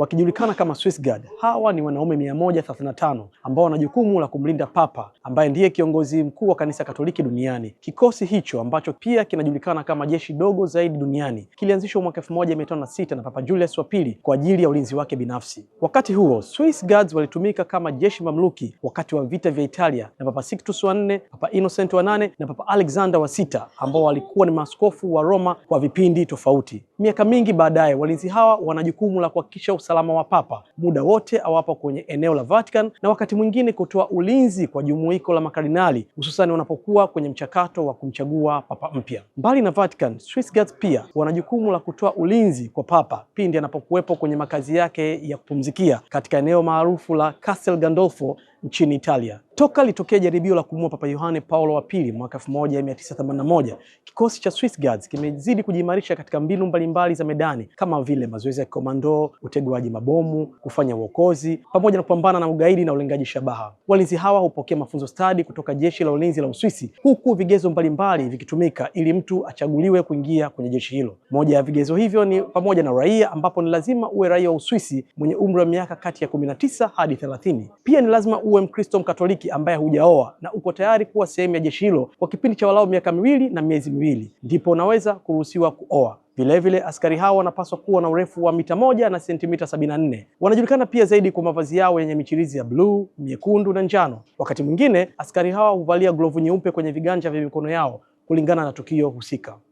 wakijulikana kama Swiss Guard. Hawa ni wanaume 135 ambao wana jukumu la kumlinda Papa ambaye ndiye kiongozi mkuu wa kanisa Katoliki duniani. Kikosi hicho ambacho pia kinajulikana kama jeshi dogo zaidi duniani kilianzishwa mwaka 1956 na Papa Julius wa pili kwa ajili ya ulinzi wake binafsi. Wakati huo Swiss Guards walitumika kama jeshi mamluki wakati wa vita vya Italia na Papa Sixtus wa nne, Papa Innocent wa nane na Papa Alexander wa sita ambao walikuwa ni maaskofu wa Roma kwa vipindi tofauti. Miaka mingi baadaye walinzi hawa wana jukumu la kuhakikisha usalama wa Papa muda wote awapo kwenye eneo la Vatican na wakati mwingine kutoa ulinzi kwa jumuiko la makardinali hususani wanapokuwa kwenye mchakato wa kumchagua Papa mpya. Mbali na Vatican, Swissguards pia wana jukumu la kutoa ulinzi kwa Papa pindi anapokuwepo kwenye makazi yake ya kupumzikia katika eneo maarufu la Castel Gandolfo nchini Italia. Toka litokea jaribio la kumua Papa Yohane Paulo wa pili mwaka 1981, kikosi cha Swiss Guards kimezidi kujiimarisha katika mbinu mbalimbali za medani kama vile mazoezi ya komando, utegwaji mabomu, kufanya uokozi pamoja na kupambana na ugaidi na ulengaji shabaha. Walinzi hawa hupokea mafunzo stadi kutoka jeshi la ulinzi la Uswisi, huku vigezo mbalimbali vikitumika ili mtu achaguliwe kuingia kwenye jeshi hilo. Moja ya vigezo hivyo ni pamoja na uraia, ambapo ni lazima uwe raia wa Uswisi mwenye umri wa miaka kati ya 19 hadi 30. Pia ni lazima uwe Mkristo Mkatoliki ambaye hujaoa na uko tayari kuwa sehemu ya jeshi hilo kwa kipindi cha walau miaka miwili na miezi miwili, ndipo unaweza kuruhusiwa kuoa. Vilevile, askari hao wanapaswa kuwa na urefu wa mita moja na sentimita 74. Wanajulikana pia zaidi kwa mavazi yao yenye michirizi ya bluu, nyekundu na njano. Wakati mwingine askari hawa huvalia glovu nyeupe kwenye viganja vya mikono yao kulingana na tukio husika.